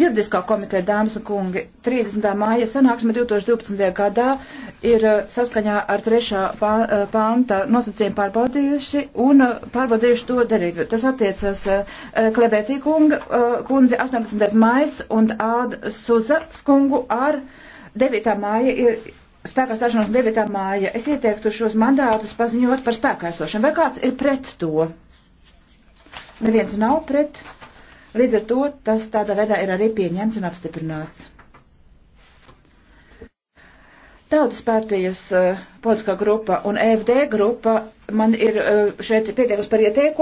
Juridiskā komiteja, dāmas un kungi, 30. māja sanāksme 2012. gadā ir eh, saskaņā ar 3. Eh, panta nosacījumu pārbaudījuši un eh, pārbaudījuši to derību. Tas attiecas Klebētī kunga, kundzi 18. mājas un Āda Suza kungu ar 9. māja ir spēkā stāšanos 9. māja. Es ieteiktu šos mandātus paziņot par spēkā esošanu. Vai kāds ir pret to? Neviens nav pret. Līdz ar to tas tādā veidā ir arī pieņemts un apstiprināts. Tautas partijas uh, politiskā grupa un EFD grupa man ir uh, šeit pieteikusi par ieteikumu.